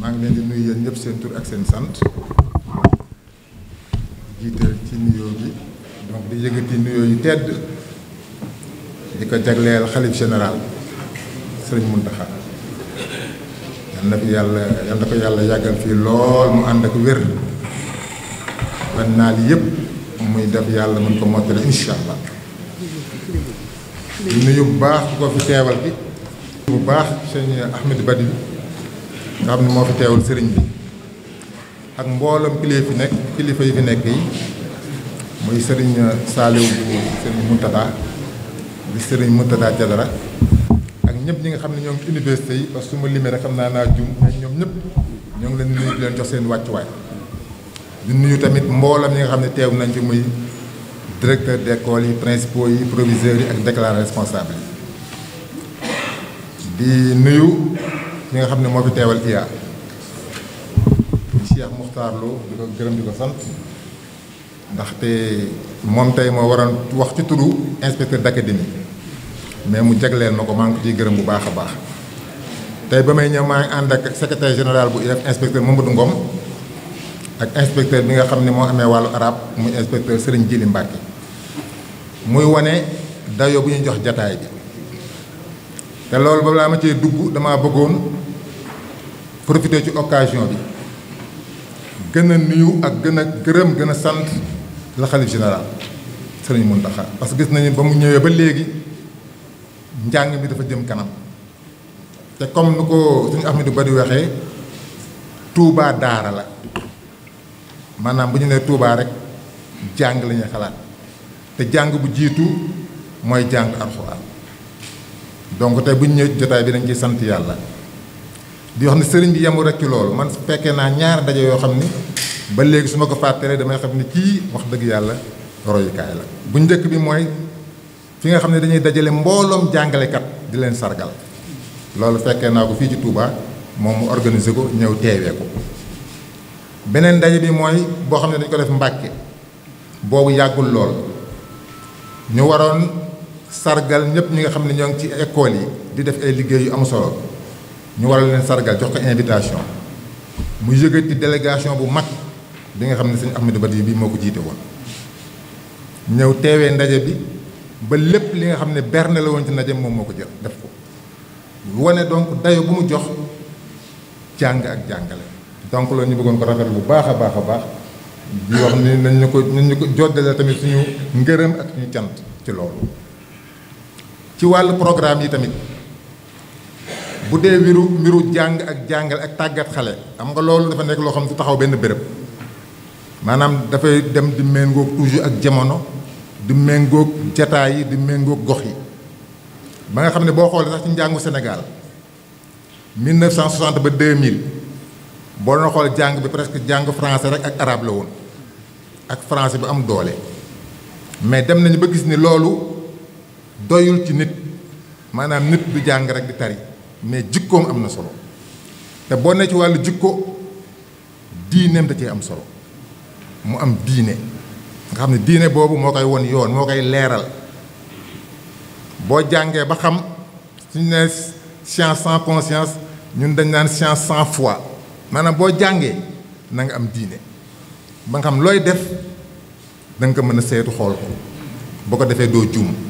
maa ngi leen di nuyu yéen ñëpp seen tur ak seen sant jiital ci nuyoo bi donc di yëkkati nuyoo yu tedd di ko jagleel xalif général sëriñ Muntaxa yal na fi yàlla yal na ko yàlla yàggal fii lool mu ànd ak wér ba naal yëpp muy def yàlla mën ko mottale incha allah di nuyu bu baax ku ko fi teewal bi bu baax sëñ Ahmed Badil nga xam ne moo fi teewul sëriñ bi ak mbooloom kilifa yi nekk kilifa yi fi nekk yi muy sëriñ Saaliw bu sëriñ Muntada di sëriñ Muntada Jadara ak ñëpp ñi nga xam ne ñoo ngi ci université yi parce que su ma limee rek xam naa naa jum ak ñoom ñëpp ñoo ngi leen nuyu di leen jox seen wàccuwaay di nuyu tamit mboolam ñi nga xam ne teew nañ ci muy directeur d'école yi principaux yi proviseurs yi ak déclarant responsable yi di nuyu mi nga xam ne moo fi teewal IA Cheikh Muxtaar Lo di ko gërëm di ko sant ndaxte moom tey moo waroon wax ci turu inspecteur d'académie mais mu jagleel ma ko maa ngi ko ciy gërëm bu baax a baax tey ba may ñëw maa ngi ànd ak secrétaire général bu IEF inspecteur Mamadou Ngom ak inspecteur bi nga xam ni moo amee wàllu arab muy inspecteur Serigne Jili Mbacke muy wane dayo bu ñu jox jataay bi té loolu ba la ma ci dugg dama bëggoon profiter ci occasion bi gëna nuyu ak gëna gërëm gëna sant la khalif général sëriñ muntaha parce que gis nañu ba mu ñëwé ba légui njang mi dafa jëm kanam té comme nuko ko suñu Ahmadou Bari waxee Touba daara la manam bu ñu né Touba rek jang la xalaat té jang bu jitu moy jang alcorane donc tey bu ñu ñëwee jotaay bi dañ ciy sant yàlla di wax ne sëriñ bi yemul rek ci loolu man fekkee naa ñaari daje yoo xam ni ba léegi su ma ko fàttalee damay xam ne kii wax dëgg yàlla royukaay la. bu njëkk bi mooy fi nga xam ne dañuy dajale mbooloom jàngalekat di leen sargal loolu fekkee naa ko fii ci tuubaa moom mu organiser ko ñëw teewee ko beneen daje bi mooy boo xam ne dañ ko def Mbàkke boobu yàggul lool ñu waroon. sargal ñëpp ñi nga xam ne ñoo ngi ci école yi di def ay liggéey yu am solo ñu waral leen sargal jox ko invitation mu yëgati délégation bu mag bi nga xam ne sëñ Ahmadou Badi bii moo ko jiite woon ñëw teewee ndaje bi ba lépp li nga xam ne berne la woon ci ndaje moom moo ko jël def ko wane donc dayo bu mu jox jàng ak jàngale donc loolu ñu bëggoon ko rafet bu baax a baax a baax di wax ni nañ ñu ko nañ ñu ko joddale tamit suñu ngërëm ak suñu cant ci lool ci wàllu programme yi tamit bu dee wiru mbiru jàng ak jàngal ak tàggat xale am nga loolu dafa nekk loo xam du taxaw benn béréb maanaam dafay dem di méngoog toujours ak jamono di méngoog jataay yi di méngoog gox yi ba nga xam ne boo xoolee sax ci njàngu Sénégal 1960 ba 2000 boo doon xool jàng bi presque jàng français rek ak arabe la woon ak français bi am doole mais dem nañu ba gis ni loolu. doyul ci nit maanaam nit bu jàng rek di tari mais jikkoom am na solo te boo ne ci wàllu jikko diineem da cee am solo mu am diine nga xam ne diine boobu moo koy won yoon moo koy leeral boo jàngee ba xam suñu ne science sans conscience ñun dañ naan science sans fois maanaam boo jàngee na nga am diine ba nga xam looy def da ko mën a seetu xool ko boo ko defee doo juum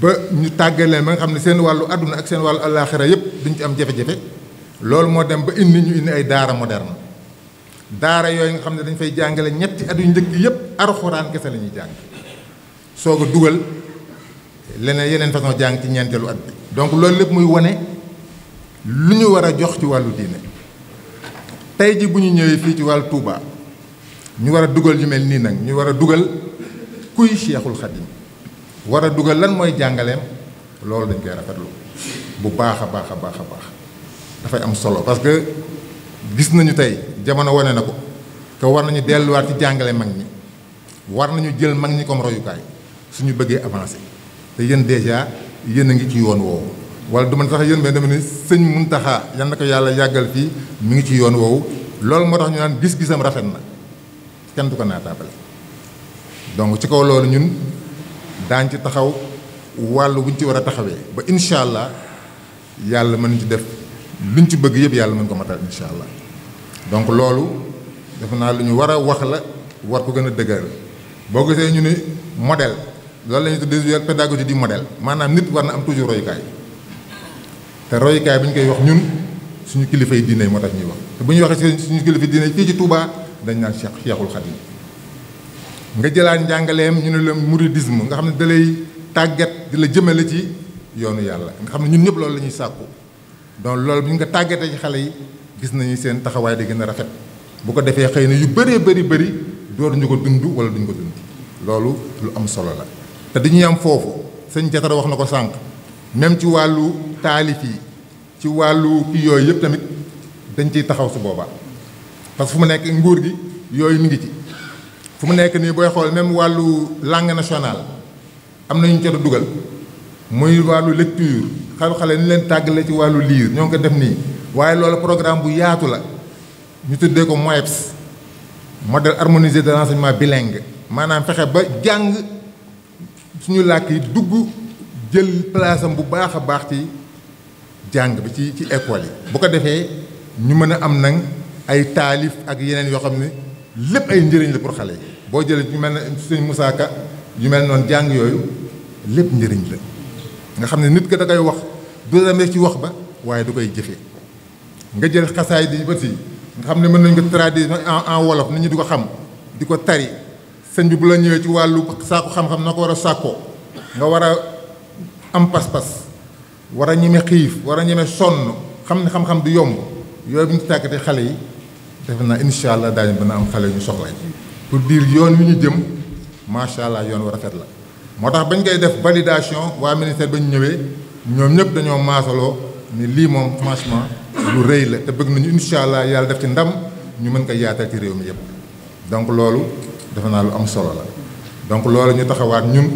ba ñu tàggal leen ba nga xam ne seen wàllu àdduna ak seen wàllu àllaaxira yëpp duñ ci am jafe-jafe loolu moo dem ba indi ñu indi ay daara moderne daara yooyu nga xam ne dañ fay jàngale ñetti at yu njëkk yëpp arxuraan kese la ñuy jàng soog a dugal leneen yeneen façon jàng ci ñeenteelu at bi donc loolu lépp muy wane lu ñu war a jox ci wàllu diine tey ji bu ñu ñëwee fii ci wàllu tuuba ñu war a dugal yu mel nii nag ñu war a dugal kuy Cheikhul Khadim wara duggal lan moy jangalem lolou dañ koy rafetlu bu baakha baakha baakha a baax a am solo parce que gis nañu tay jamono woné nako ko war nañu wat ci jàngale mag ni war nañu jël mag ni comme royukaay suñu bëggé avancer te yeen déjà yeen nga ci yoon wo wala duma tax yeen mais dama ni señ muntaha yan nako yalla yagal fi mi ngi ci yoon wo lolou motax ñu naan gis-gisam rafet na kenn du ko naataabale donc ci ko lolou ñun daañ ci taxaw wàll buñ ci war a taxawee ba incha allah yàlla mën nu ci def luñ ci bëgg yëpp yàlla mën ko matal incha allah donc loolu defe naa lu ñu war a wax la war ko gën a dëgër boo gisee ñu ne modèle loolu la ñuy tuddee pédagogie di modèle maanaam nit war na am toujours royukaay te royukaay bi ñu koy wax ñun suñu kilifa yi diine moo tax ñuy wax te bu ñuy waxee suñu kilifa diine fii ci Touba dañ naan Cheikh Cheikhul Khadim nga jëlaat njàngaleem ñu ne la mouridisme nga xam ne da lay tàggat di la jëmale ci yoonu yàlla nga xam ne ñun ñëpp loolu la ñuy sàkku donc loolu bu ñu nga tàggatee ci xale yi gis nañu seen taxawaay di gën a rafet bu ko defee xëy na yu bëree bëri bëri door ñu ko dund wala duñ ko dund loolu lu am solo la te dañuy am foofu sëñ jatar wax na ko sànq même ci wàllu taalif yi ci wàllu kii yooyu yëpp tamit dañ ciy taxaw su booba parce que fu mu nekk nguur gi yooyu mi ngi ci fu mu nekk nii booy xool même wàllu langue nationale am na ñu ca dugal muy wàllu lecture xale xale ni leen tàggale ci wàllu liir ñoo ngi ko def nii waaye loolu programme bu yaatu la ñu tëddee ko MOEPS modèle harmonisé de l'enseignement bilingue maanaam fexe ba jàng suñu làkk yi dugg jël place bu baax a baax ci jàng bi ci ci école yi bu ko defee ñu mën a am nag ay taalif ak yeneen yoo xam ne lépp ay njëriñ la pour xale yi boo jëlee ñu mel ne sëñ Moussa Ka yu mel noonu jàng yooyu lépp njëriñ la nga xam ne nit ka da koy wax du demee ci wax ba waaye du koy jëfee nga jël xasaay di ba si nga xam ne mën nañ ko traduire en en wolof nit ñi di ko xam di ko tari sëñ bi bu la ñëwee ci wàllu sàkku xam-xam na ko war a sàkkoo nga war a am pas-pas war a ñeme xiif war a ñeme sonn xam ne xam-xam du yomb yooyu bu ñu tàkkatee xale yi defe naa incha allah daañu mën a am xale yu ñu soxla pour dire yoon wi ñu jëm macha allah yoon wu rafet la moo tax bañ koy def validation waa ministère ba ñu ñëwee ñoom ñëpp dañoo maasaloo ni lii moom franchement lu rëy la te bëgg nañu incha allah yàlla def ci ndam ñu mën ko yaatal ci réew mi yëpp donc loolu defe naa lu am solo la donc loolu ñu taxawaat ñun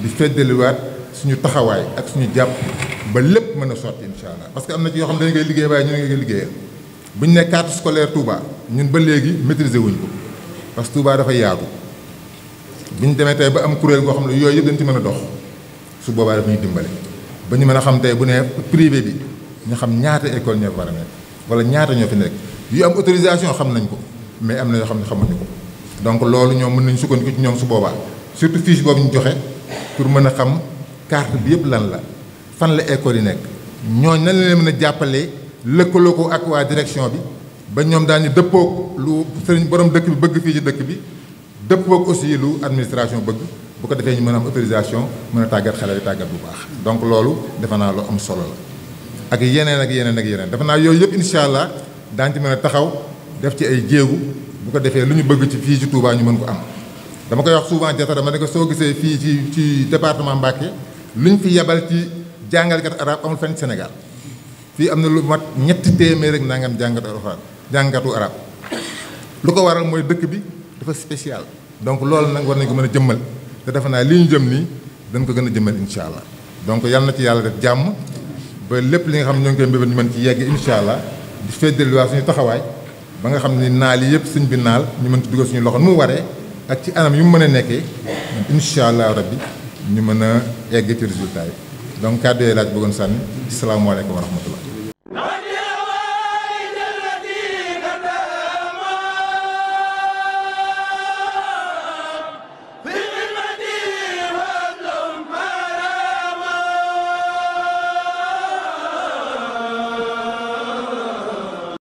di feddaliwaat suñu taxawaay ak suñu jàpp ba lépp mën a sotti incha allah parce que am na ci yoo xam ne dañu koy liggéey waaye ñu ne nga koy liggéeyal bu Touba ñun ba léegi maîtriser wuñ ko. parce que tout dafa yaatu faire ñu demee tey ba am kuréel goo xam ne yooyu ci mën dox su boobaa daf ñuy dimbale ba ñu mën xam tey bu ne privé bi ñu xam ñaata école ñoo a wala ñaata fi yu am autorisation xam nañ ko mais am na xam ne ko donc loolu ñoom mën nañ sukkandiku ci ñoom su surtout fiche pour mën xam carte bi yëpp lan la fan la école la direction ba ñoom daañu dëppook lu sëriñ borom dëkk bi bëgg fii ci dëkk bi dëppoog aussi lu administration bëgg bu ko defee ñu mën a am autorisation mën a tàggat xale yi tàggat bu baax donc loolu defe naa lu am solo la ak yeneen ak yeneen ak yeneen defe naa yooyu yëpp incha allah daañ ci mën a taxaw def ci ay jéegu bu ko defee lu ñu bëgg ci fii ci Touba ñu mën ko am dama koy wax souvent jota dama ne soo gisee fii ci ci département Mbacké lu ñu fi yebal ci jàngalkat arab amul fenn Sénégal fii am na lu mat ñetti téeméer ak nangam jàngat alxuraan jàngatu arab lu ko waral moy dekk bi dafa spécial donc loolu nak war nañ ko mën jëmmal da defe na liñu jëm ni dañ ko gëna jëmmal inshallah donc yalla na ci yalla def jamm ba lepp li nga xam ñong koy mbébét ñu mën ci yegg inshallah di fédéral wa suñu taxaway ba nga xam ni naal yépp suñu bi naal ñu mën ci duggal suñu loxon mu waré ak ci anam yu mëna nekké inshallah rabbi ñu mëna a egg ci résultat yi donc cadeau yooyu laaj sanni assalamu alaykum wa rahmatullah